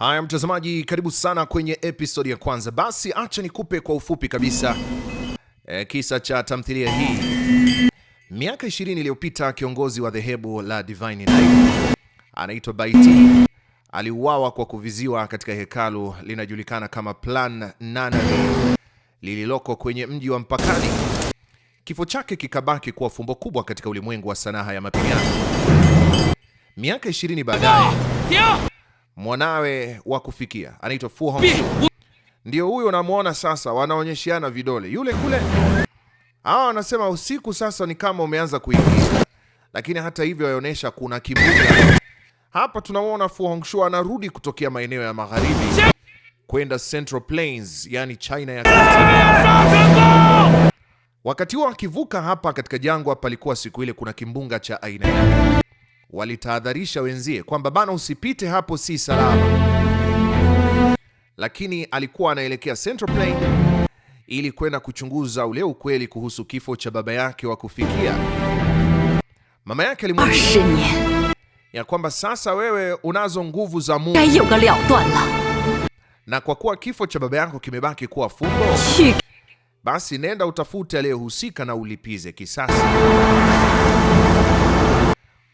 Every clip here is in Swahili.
Haya mtazamaji, karibu sana kwenye episodi ya kwanza. Basi acha nikupe kwa ufupi kabisa e, kisa cha tamthilia hii. Miaka 20 iliyopita kiongozi wa dhehebu la Divine Life anaitwa Baiti aliuawa kwa kuviziwa katika hekalu linajulikana kama Plan nana lililoko kwenye mji wa mpakani. Kifo chake kikabaki kuwa fumbo kubwa katika ulimwengu wa sanaa ya mapigano. Miaka 20 baadaye mwanawe wa kufikia anaitwa Fu Hongxue, ndio huyo unamwona sasa, wanaonyeshiana vidole yule kule. Hawa wanasema usiku sasa ni kama umeanza kuingia, lakini hata hivyo yaonyesha kuna kimbunga hapa. Tunamwona Fu Hongxue anarudi kutokea maeneo ya magharibi kwenda Central Plains, yani China ya Wakati huo akivuka hapa katika jangwa, palikuwa siku ile kuna kimbunga cha aina yake walitahadharisha wenzie kwamba bana, usipite hapo, si salama, lakini alikuwa anaelekea Central Plain ili kwenda kuchunguza ule ukweli kuhusu kifo cha baba yake wa kufikia. Mama yake alimwambia ya kwamba sasa wewe unazo nguvu za Mungu, na kwa kuwa kifo cha baba yako kimebaki kuwa fumbo, basi nenda utafute aliyehusika na ulipize kisasi.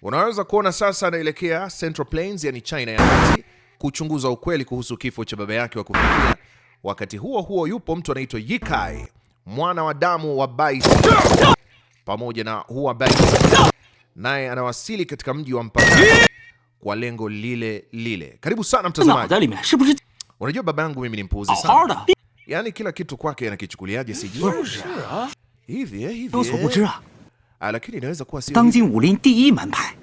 Unaweza kuona sasa anaelekea Central Plains, yani China ya kati kuchunguza ukweli kuhusu kifo cha baba yake wa kufikia. Wakati huo huo, yupo mtu anaitwa Yikai, mwana wa damu wa Bai pamoja na Hua Bai, naye anawasili katika mji wa mpaka kwa lengo lile lile. Karibu sana mtazamaji. Unajua baba yangu mimi ni mpuuzi oh, sana, yaani kila kitu kwake anakichukuliaje sijui hivi eh, hivi 当今武林第一门派，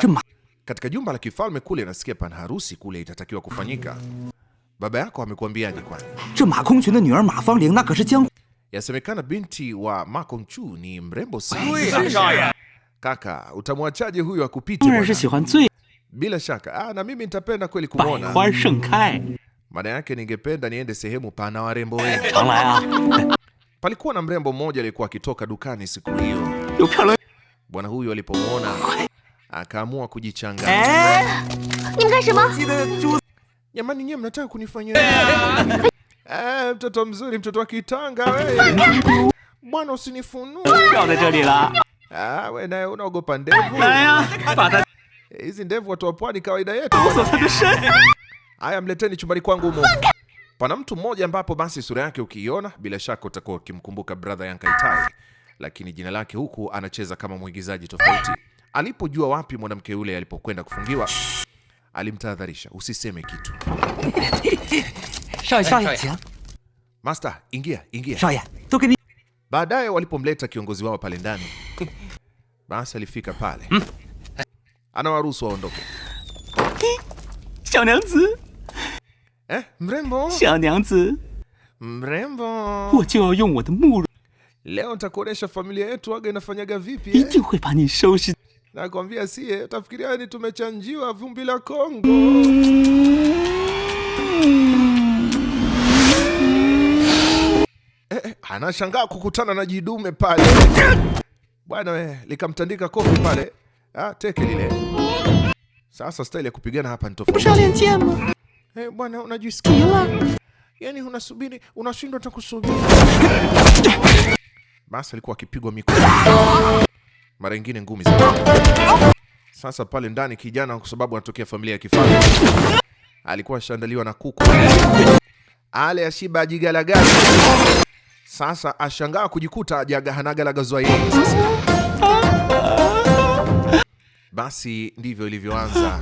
这马 katika ah, jumba la kifalme kule, nasikia pana harusi kule itatakiwa kufanyika. Baba yako amekuambiaje? Kwani ce ma kongqun de nuer ma fangling na kesi jiang, yasemekana binti wa ma kongqun ni mrembo sana. Kaka, utamwachaje huyo akupite? Bila shaka. Ah, na mimi nitapenda kweli Bai huan kumwona. Maana yake ningependa niende sehemu pana warembo wengi. Palikuwa na mrembo mmoja aliyekuwa akitoka dukani siku hiyo. Bwana huyu alipomwona akaamua kujichanganya. Eh? Jamani, nyie mnataka kunifanyia? Eh, mtoto mzuri, mtoto wa kitanga wewe. Bwana usinifunue. Ah, wewe naye unaogopa ndevu. Eh, hizi ndevu watu wa pwani kawaida yetu. Haya, mleteni chumbani kwangu humo pana mtu mmoja ambapo basi sura yake ukiiona bila shaka utakuwa ukimkumbuka brother Yankaitai, lakini jina lake huku anacheza kama mwigizaji tofauti. Alipojua wapi mwanamke yule alipokwenda kufungiwa, alimtahadharisha usiseme kitu. Master, ingia, ingia. Baadaye walipomleta kiongozi wao pale ndani, basi alifika pale, hmm. anawaruhusu waondoke 哎，mrembo, 小娘子，mrembo，我就要用我的木。Leo nitakuonesha familia yetu aga inafanyaga vipi eh? 一定会把你收拾。Nakwambia sie, utafikiria ni tumechanjiwa vumbi la Kongo. Eh, eh, anashangaa kukutana na jidume pale bwana we, likamtandika kofi pale ah, teke lile. Sasa staili ya kupigana hapa ni tofauti. Eh, bwana unajisikia? Yaani unasubiri, unashindwa hata kusubiri. Basi alikuwa akipigwa mikono. Mara nyingine ngumi sana. Sasa pale ndani kijana kwa sababu anatokea familia ya kifalme. Alikuwa ashaandaliwa na kuku. Ale ashiba ajigalagaza. Sasa ashangaa kujikuta ajagahanagalagazwa yeye. Basi ndivyo ilivyoanza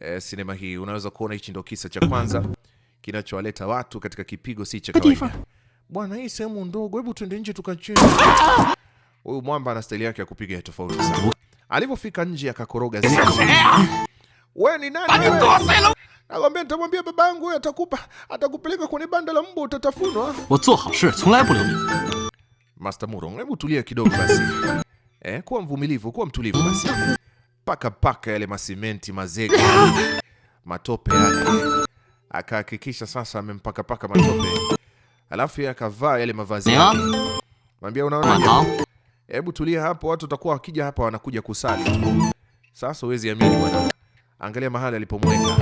eh, sinema hii. Unaweza kuona hichi ndo kisa cha kwanza kinachowaleta watu katika kipigo si cha kawaida. Bwana, hii sehemu ndogo, hebu tuende nje tukacheze. Huyu mwamba ana staili yake ya kupiga ya tofauti sana. Alipofika nje akakoroga zizi. Wewe ni nani wewe? Nakwambia nitamwambia baba yangu, wewe atakupa atakupeleka kwenye banda la mbwa utatafunwa. Master Murong, hebu tulia kidogo basi. Eh, kuwa mvumilivu, kuwa mtulivu basi paka paka yale masimenti mazege matope yake, akahakikisha sasa amempakapaka matope, alafu yeye akavaa yale mavazi yake. Mwambia, unaona, hebu tulia hapo, watu watakuwa wakija hapa wanakuja kusali. Sasa huwezi amini bwana, angalia mahali alipomweka.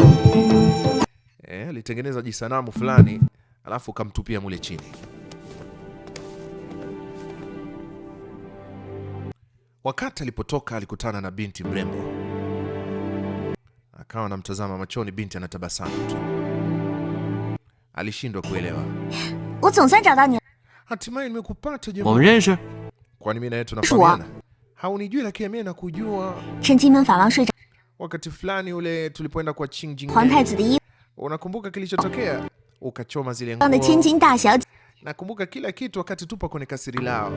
Eh, alitengeneza jisanamu fulani, alafu kamtupia mule chini. Wakati alipotoka alikutana na binti mrembo, akawa anamtazama machoni. Binti anatabasamu tu, alishindwa kuelewa. Hatimaye nimekupata jamaa, kwani mimi na yeye tunafahamana? Haunijui, lakini mimi nakujua. Wakati fulani ule tulipoenda kwa Qingjin, unakumbuka kilichotokea? Ukachoma zile nguo. Nakumbuka kila kitu, wakati tupo kwenye kasiri lao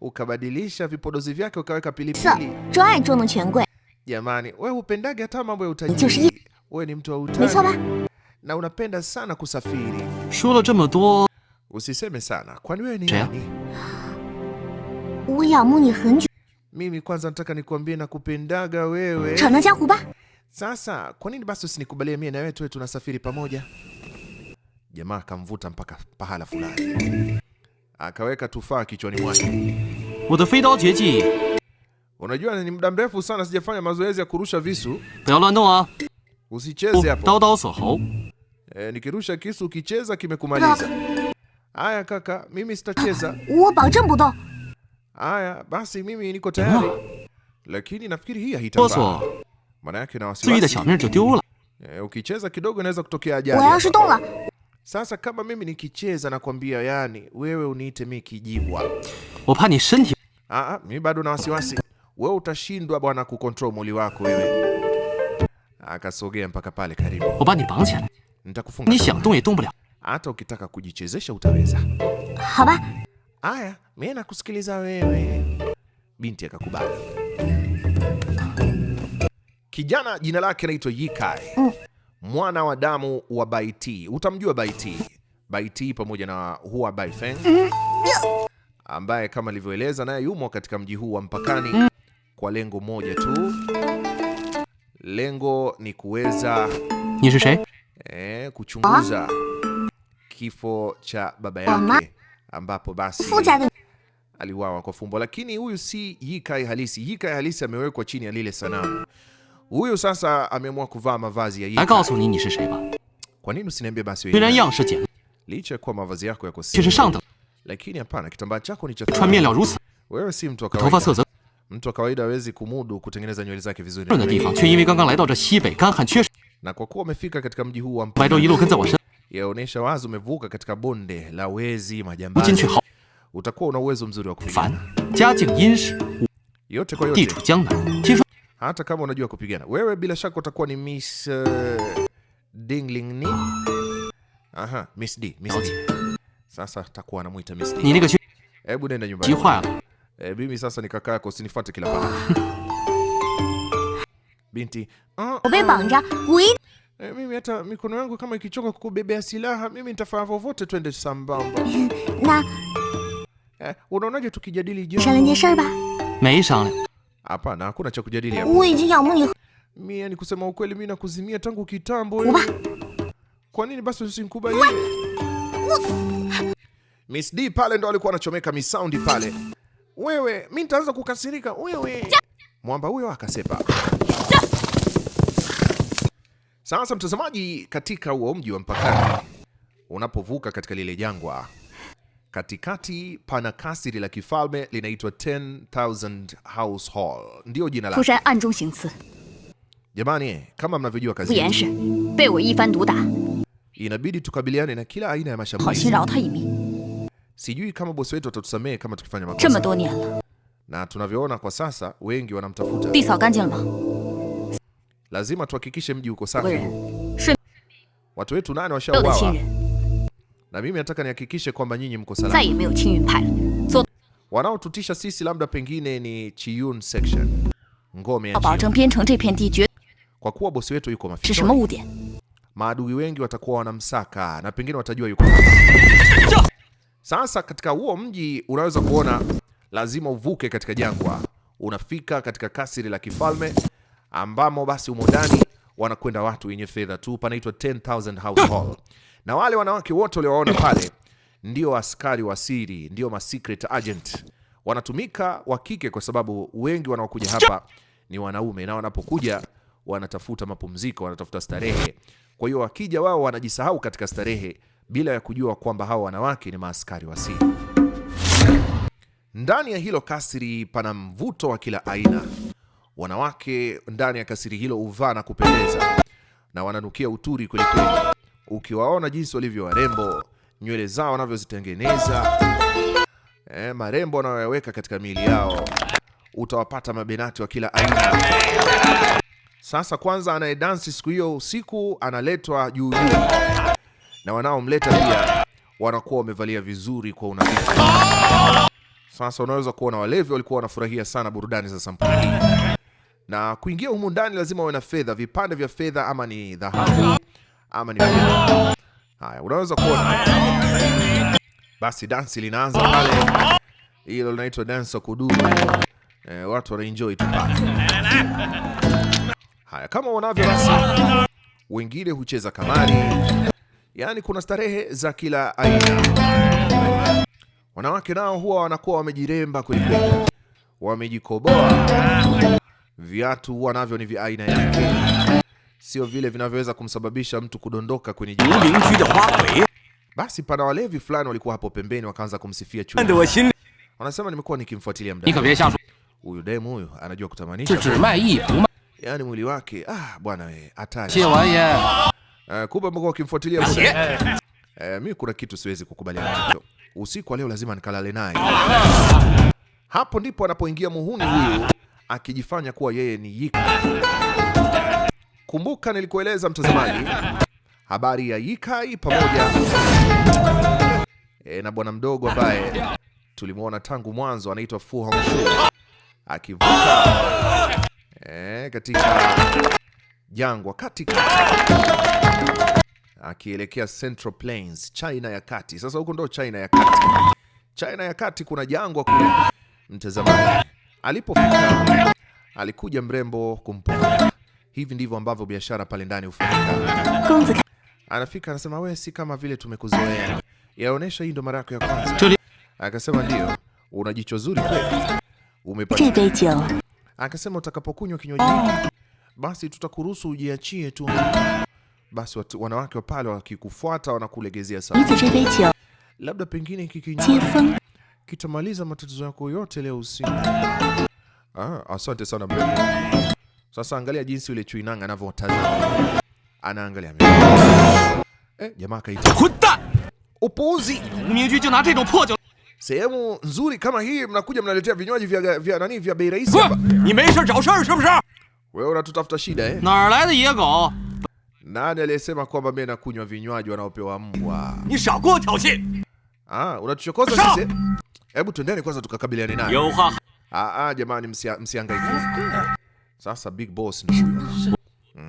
ukabadilisha vipodozi vyake ukaweka pilipili. Jamani, wewe hupendaga hata mambo ya utajiri. Wewe ni mtu wa utajiri na unapenda sana kusafiri. Usiseme sana, kwani wewe ni nani? Mimi kwanza nataka nikuambie na kupendaga wewe. Sasa kwa nini basi usinikubalie mie na wewe tuwe tunasafiri pamoja? Jamaa akamvuta mpaka pahala fulani akaweka tufaa kichwani mwake. Unajua ni muda mrefu sana sijafanya mazoezi ya kurusha visu. Usicheze hapo. E, nikirusha kisu ukicheza kimekumaliza. Aya kaka, mimi sitacheza. Aya, basi mimi niko tayari. Lakini nafikiri hii haitafaa. Maana yake na wasiwasi. Eh, ukicheza kidogo inaweza kutokea ajali. Sasa kama mimi nikicheza na kwambia, yani wewe uniite mi kijibwa, mi bado na wasiwasi, wewe utashindwa bwana kukontrol mwili wako wewe. Akasogea mpaka pale karibu, nitakufunga hata ukitaka kujichezesha utaweza. Haba. Aya, mimi nakusikiliza wewe. Binti akakubali. Kijana jina lake naitwa Yikai. Mm mwana wa damu wa bait Utamjua Baiti, Baiti pamoja na Hua Baifeng ambaye kama alivyoeleza naye yumo katika mji huu wa mpakani kwa lengo moja tu, lengo ni kuweza eh, kuchunguza kifo cha baba yake ambapo basi aliuawa kwa fumbo, lakini huyu si Ye Kai halisi. Ye Kai halisi amewekwa chini ya lile sanamu Huyu sasa ameamua kuvaa mavazi ya yeye. Kwa nini usiniambie basi wewe? Licha kwa mavazi yako yako sawa. Lakini hapana, kitambaa chako ni cha thamani. Wewe si mtu wa kawaida. Mtu wa kawaida hawezi kumudu kutengeneza nywele zake vizuri. Na kwa kuwa umefika katika mji huu wa mpakani, yaonesha wazi umevuka katika bonde la wezi majambazi. Utakuwa una uwezo mzuri wa kufanya yote kwa yote hata kama unajua kupigana wewe, bila shaka utakuwa ni Miss uh, Dingling ni aha, Miss D, Miss D. Sasa takuwa anamuita Miss D. Hebu nenda nyumbani. E, mimi sasa ni kaka yako, usinifuate kila pale. Binti, uh, uh. E, mimi hata mikono yangu kama ikichoka kukubebea silaha mimi nitafanya vovote, twende sambamba. Na eh, unaonaje tukijadili jambo? Hapana, hakuna cha kujadili hapo. Mimi ni kusema ukweli, mimi nakuzimia tangu kitambo. Kwa nini basi usinikubali? Miss D pale ndo alikuwa anachomeka misaundi pale. Wewe, mimi nitaanza kukasirika wewe. Mwamba huyo akasepa. Sasa mtazamaji, katika huo mji wa mpakani unapovuka katika lile jangwa Katikati pana kasiri la kifalme linaitwa 10000 House Hall, ndiyo jina lake. Jamani, kama mnavyojua kazi inabidi tukabiliane na kila aina ya mashambulizi. Sijui kama bosi wetu atatusamehe kama tukifanya makosa, na tunavyoona kwa sasa wengi wanamtafuta. Lazima tuhakikishe mji uko safi. Watu wetu nane washauawa na mimi nataka nihakikishe kwamba nyinyi mko salama. Wanaotutisha sisi labda pengine ni Chiyun section, ngome ya Kwa kuwa bosi wetu yuko mafichoni, maadui wengi watakuwa wanamsaka na pengine watajua yuko sasa katika huo mji unaweza kuona lazima uvuke katika jangwa. Unafika katika kasiri la kifalme ambamo basi umo ndani wanakwenda watu wenye fedha tu, panaitwa 10000 household Na wale wanawake wote waliowaona pale ndio askari wa siri, ndio ma secret agent, wanatumika wa kike, kwa sababu wengi wanaokuja hapa ni wanaume, na wanapokuja wanatafuta mapumziko, wanatafuta starehe. Kwa hiyo wakija wao wanajisahau katika starehe bila ya kujua kwamba hawa wanawake ni maaskari wa siri. Ndani ya hilo kasri pana mvuto wa kila aina. Wanawake ndani ya kasiri hilo huvaa na kupendeza na wananukia uturi kwelikweli, ukiwaona jinsi walivyo warembo, nywele zao wanavyozitengeneza, eh, marembo wanayoyaweka katika miili yao, utawapata mabenati wa kila aina. Sasa kwanza, anayedansi siku hiyo usiku analetwa juu juu, na wanaomleta pia wanakuwa wamevalia vizuri kwa unadhifu. Sasa unaweza kuona walevi walikuwa wanafurahia sana burudani za sampuli na kuingia humu ndani lazima uwe na fedha, vipande vya fedha, ama ni dhahabu ama ni Haya, unaweza kuona basi dansi linaanza pale, hilo linaitwa dance wa kudumu. E, watu wanaenjoy tu pale. Haya, kama unavyo basi, wengine hucheza kamari, yaani kuna starehe za kila aina. Wanawake nao huwa wanakuwa wamejiremba kwelikweli, wamejikoboa Viatu huwa navyo ni vya aina yake, sio vile vinavyoweza kumsababisha mtu kudondoka kwenye jiwe. Basi pana walevi fulani walikuwa hapo pembeni, wakaanza kumsifia chui. Wanasema nimekuwa nikimfuatilia mda huyu, demu huyu anajua kutamanisha, eh, yani mwili wake ah, bwana we hatari. Uh, eh. eh, kumbe mko wakimfuatilia muda. mimi kuna kitu siwezi kukubaliana nacho. Usiku wa leo lazima nikalale naye. Ah. Hapo ndipo anapoingia muhuni huyu akijifanya kuwa yeye ni Yika. Kumbuka nilikueleza mtazamaji habari ya Yikai pamoja e, na bwana mdogo ambaye tulimwona tangu mwanzo anaitwa Fu Hongxue akivuka e, katika jangwa katika akielekea Central Plains, China ya kati. Sasa huko ndo China ya kati, China ya kati kuna jangwa kule, mtazamaji. Alipofika alikuja mrembo kumponya. Hivi ndivyo ambavyo biashara pale ndani hufanyika. Anafika anasema, wewe si kama vile tumekuzoea, yaonesha hii ndo mara yako ya kwanza. Akasema ndio, una jicho zuri kweli, umepata. Akasema utakapokunywa kinywaji hiki basi tutakuruhusu ujiachie tu. Basi watu, wanawake wa pale wakikufuata wanakulegezea sana, labda pengine kikinywa kitamaliza matatizo yako yote leo usiku. Ah, asante sana mrembo. Sasa angalia jinsi yule chui nanga anavyotazama. Anaangalia mimi. Eh, jamaa kaita. Kuta! Upuuzi. Sehemu nzuri kama hii mnakuja mnaletea vinywaji vya vya nani vya bei rahisi hapa. Wewe unatutafuta shida eh? Nar lai de Nani aliyesema kwamba mimi nakunywa vinywaji wanaopewa mbwa? Ni shao guo Ah, unatuchokoza sisi. Eh? Hebu twendeni kwanza tukakabiliane naye. Ah ah, jamani msia, msihangaike. Sasa big boss ndio huyo.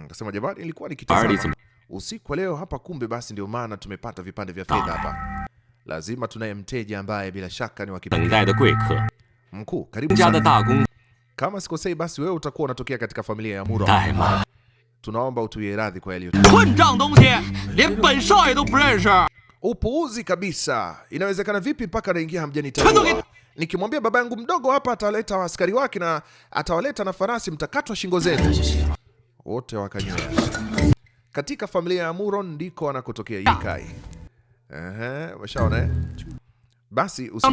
Akasema hmm, jamani, ilikuwa nikitazama usiku leo hapa, kumbe basi ndio maana tumepata vipande vya fedha hapa. Lazima tunaye mteja ambaye bila shaka ni wa kipekee. Mkuu, karibu sana. Kama sikosei, basi wewe utakuwa unatokea katika familia ya Muro. Tunaomba utuie radhi kwa yaliyotokea. Upuuzi kabisa. Inawezekana vipi mpaka anaingia hamjani tayari? Nikimwambia baba yangu mdogo hapa ataleta askari wake na atawaleta na farasi, mtakatwa shingo zenu wote. Wakanyoa. Katika familia ya Muron ndiko anakotokea Yikai. Ehe, umeshaona eh? Basi usi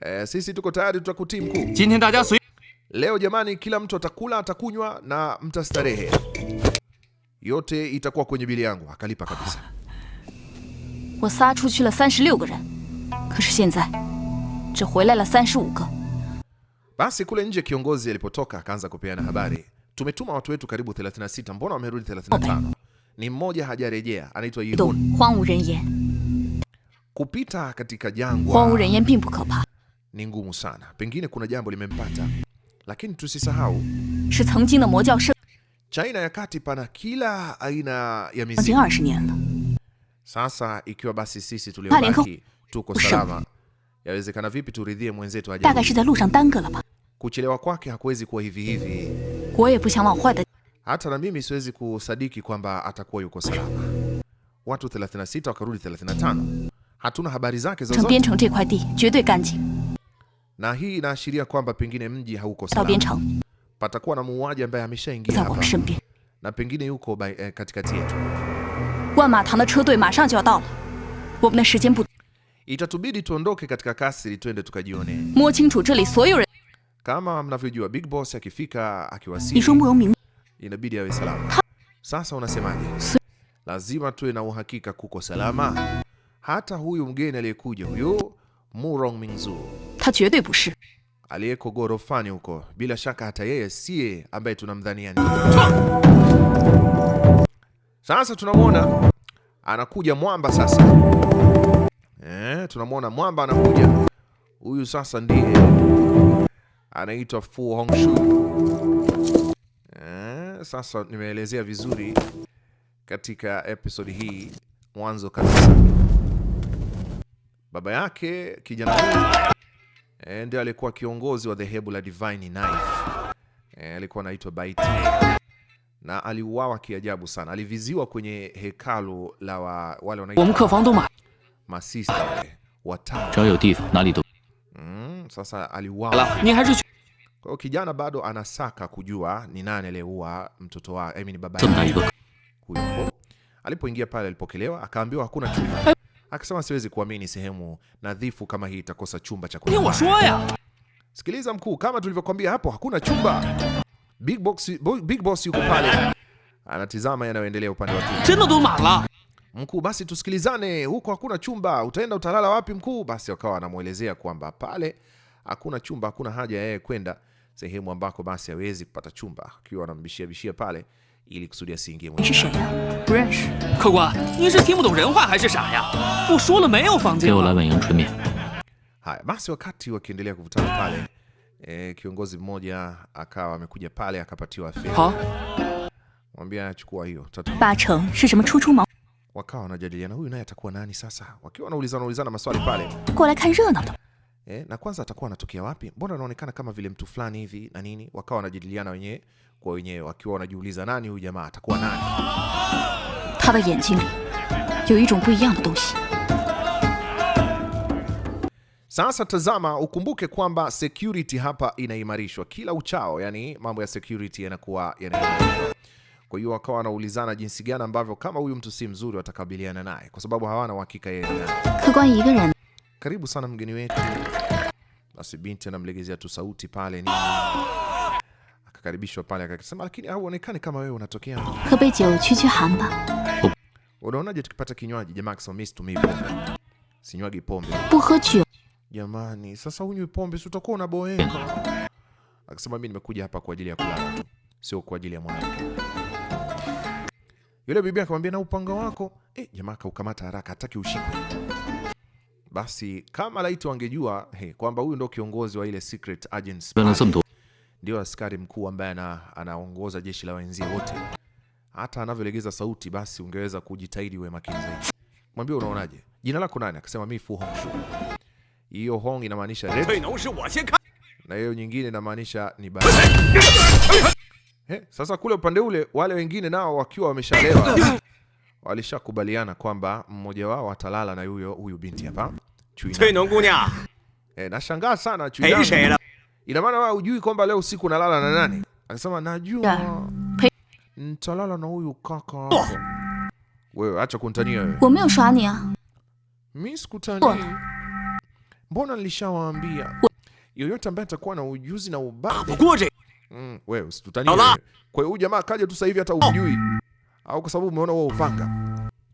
eh, sisi tuko tayari, tutakutii mkuu. Leo jamani, kila mtu atakula, atakunywa na mtastarehe. Yote itakuwa kwenye bili yangu. Akalipa kabisa. 我撒出去了三十六个人，可是现在只回来了三十五个。Basi kule nje kiongozi alipotoka akaanza kupeana habari, tumetuma watu wetu karibu 36, mbona wamerudi 35? Ni mmoja hajarejea, anaitwa Yihun. Kupita katika jangwa ni ngumu sana, pengine kuna jambo limempata, lakini tusisahau China ya kati pana kila aina ya mizimu. Sasa ikiwa basi sisi tuliobaki tuko salama, yawezekana vipi turidhie mwenzetu aje? Kuchelewa kwake hakuwezi kuwa hivi hivi. Hata na mimi siwezi kusadiki kwamba atakuwa yuko salama. Watu 36 wakarudi 35. Hatuna habari zake zozote. Na hii inaashiria kwamba pengine mji hauko salama. Patakuwa na muuaji ambaye ameshaingia hapa. Na pengine yuko eh, katikati yetu. 万马堂的车队马上就要到了，我们的时间不。Itatubidi tuondoke katika kasi ili twende tukajione. 摸清楚这里所有人。Kama mnavyojua Big Boss akifika akiwasili, inabidi awe salama. Sasa unasemaje? Lazima tuwe na uhakika kuko salama. Hata huyu mgeni aliyekuja huyu Murong Mingzu. Ta jue bu Aliyeko gorofani huko, bila shaka hata yeye siye ambaye tunamdhania. Sasa tunamwona Anakuja mwamba sasa eh, tunamwona mwamba anakuja. Huyu sasa ndiye anaitwa Fu Hongxue eh. Sasa nimeelezea vizuri katika episode hii mwanzo kabisa, baba yake kijana huyu eh, ndio alikuwa kiongozi wa dhehebu la Divine Knife eh, alikuwa anaitwa Bai Tianyu na aliuawa kiajabu sana. Aliviziwa kwenye hekalu la wa, wale wanaitwa masista watano. Mm, sasa aliuawa. Kwa hiyo kijana bado anasaka kujua ni nani aliyeua mtoto wake, ni baba yake. Alipoingia pale alipokelewa, akaambiwa hakuna chumba. Akasema siwezi kuamini, sehemu nadhifu kama hii itakosa chumba cha kulala. Sikiliza mkuu, kama tulivyokuambia hapo hakuna chumba. Big Boss, Big Boss yuko pale anatizama yanayoendelea upande wa mkuu. Basi tusikilizane, huko hakuna chumba, utaenda utalala wapi mkuu? Basi wakawa anamwelezea kwamba pale hakuna chumba, hakuna haja yeye kwenda sehemu ambako basi hawezi kupata chumba, akiwa anambishia bishia pale ili kusudi asiingie mwenyewe. Haya basi, wakati wakiendelea kuvutana pale e, kiongozi mmoja akawa amekuja pale akapatiwa fedha. Mwambia achukua hiyo Wakawa wanajadiliana huyu naye atakuwa nani sasa? Wakiwa wanaulizana ulizana maswali pale. Eh, na kwanza atakuwa anatokea wapi? Mbona anaonekana kama vile mtu fulani hivi na nini? Wakawa wanajadiliana wenyewe kwa wenyewe wakiwa wanajiuliza nani huyu jamaa atakuwa nani? Sasa tazama, ukumbuke kwamba security hapa inaimarishwa kila uchao, yani mambo ya security yanakuwa yanaimarishwa. Kwa hiyo wakawa wanaulizana jinsi gani ambavyo kama huyu mtu si mzuri watakabiliana naye, kwa sababu hawana uhakika yeye. Karibu sana mgeni wetu. Basi binti anamlegezea tu sauti pale ni akakaribishwa pale akasema, lakini hauonekani kama wewe unatokea. Unaonaje tukipata kinywaji? Jamaa akasema mimi situmii pombe. Sinywagi pombe. Jamani, sasa unywe pombe, si utakuwa unaboeka. Akasema mimi nimekuja hapa kwa ajili ya kulala tu, sio kwa ajili ya mwanamke. Yule bibi akamwambia na upanga wako eh? Jamaa kaukamata haraka, hataki ushikwe. Basi kama laiti wangejua hey, kwamba huyu ndo kiongozi wa ile secret agents, ndio askari mkuu ambaye anaongoza jeshi la wenzie wote, hata anavyolegeza sauti, basi ungeweza kujitahidi wewe makini zaidi. Mwambie unaonaje, jina lako nani? Akasema mimi Fu Hongxue. Hiyo Hong inamaanisha na hiyo nyingine inamaanisha ni baba. Eh, sasa kule upande ule wale wengine nao wakiwa wameshalewa walishakubaliana kwamba mmoja wao atalala na huyo huyu binti hapa. Eh, nashangaa sana Chui. Ina maana wewe hujui kwamba leo usiku nalala na nani? Anasema najua. Nitalala na huyu kaka oh. Wewe acha kuntania wewe. Mimi sikutania. Oh. Mbona nilishawaambia yoyote ambaye atakuwa na ujuzi na ubabe. Mm, wewe usitutanie. Kwa hiyo huyu jamaa akaja tu sasa hivi hata umjui au kwa sababu umeona wewe upanga.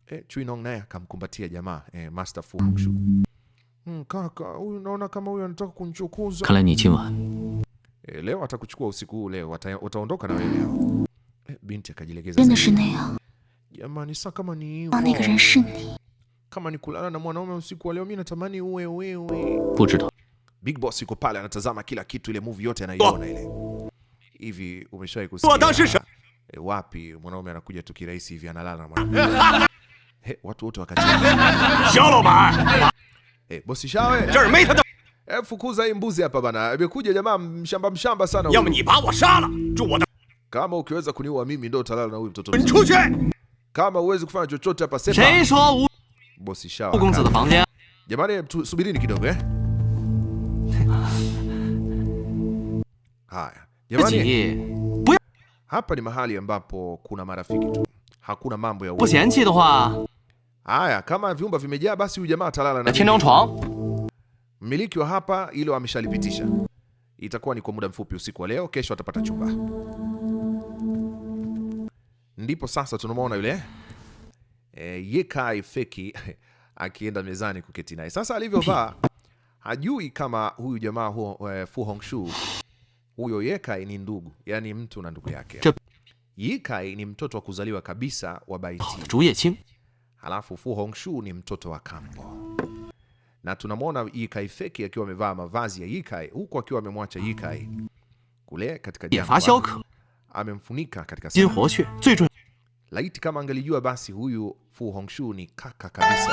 Eh, Chui Nong naye akamkumbatia jamaa eh, Master Fu Hongxue. Mm, kaka, huyu naona kama huyu anataka kunichukuza. Kala ni chima. Eh, leo atakuchukua usiku huu leo, utaondoka na wewe leo. Eh, binti akajilegeza. Jamani, sasa kama ni hivyo kama ni kulala na mwanaume usiku wa leo, mimi natamani uwe wewe. Big Boss yuko pale anatazama kila kitu, ile movie yote anaiona ile. Hivi umeshawahi kusikia e, wapi mwanaume anakuja tu kirahisi hivi analala na mwanaume? He, watu wote wakacheka. Eh, bosi shawe. He, eh, fukuza hii mbuzi hapa bana. Imekuja jamaa mshamba mshamba sana huyu. Kama ukiweza kuniua mimi ndio utalala na huyu mtoto. Kama uwezi kufanya chochote hapa sema bosi shawa. Jamani, subirini kidogo eh. Haya. Jamani. Hapa ni mahali ambapo kuna marafiki tu. Hakuna mambo ya uongo. Haya, kama vyumba vimejaa basi huyu jamaa atalala na mmiliki wa hapa, ilo ameshalipitisha. Itakuwa ni kwa muda mfupi usiku wa leo, kesho atapata chumba. Ndipo sasa tunamwona yule eh, Yekai Feki akienda mezani kuketi naye. Sasa alivyovaa hajui kama huyu jamaa hu, eh, Fu Hongxue huyo Yekai ni ndugu, yani mtu na ndugu yake. Yekai ni mtoto wa kuzaliwa kabisa wa Bai Tianyu. Halafu Fu Hongxue ni mtoto wa kambo. Na tunamwona Yekai Feki akiwa amevaa mavazi ya Yekai huku akiwa amemwacha Yekai kule katika jangwa. Amemfunika katika sana. Laiti kama angelijua basi huyu Fu Hongxue ni kaka kabisa,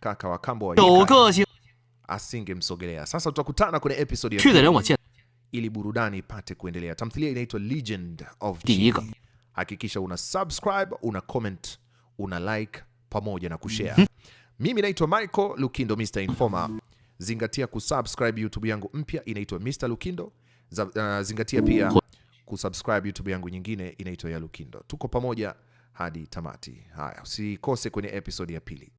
kaka wa kambo wa Ye Kai, asingemsogelea. Sasa tutakutana kwenye episode ya ili burudani ipate kuendelea. Tamthilia inaitwa Legend of Qi. Hakikisha una subscribe, una comment, una like pamoja na kushare. Mhm. Mimi naitwa Michael Lukindo Mr Informer. Zingatia kusubscribe YouTube yangu mpya inaitwa Mr Lukindo. Uh, zingatia pia kusubscribe YouTube yangu nyingine inaitwa ya Lukindo. Tuko pamoja hadi tamati. Haya, usikose kwenye episodi ya pili.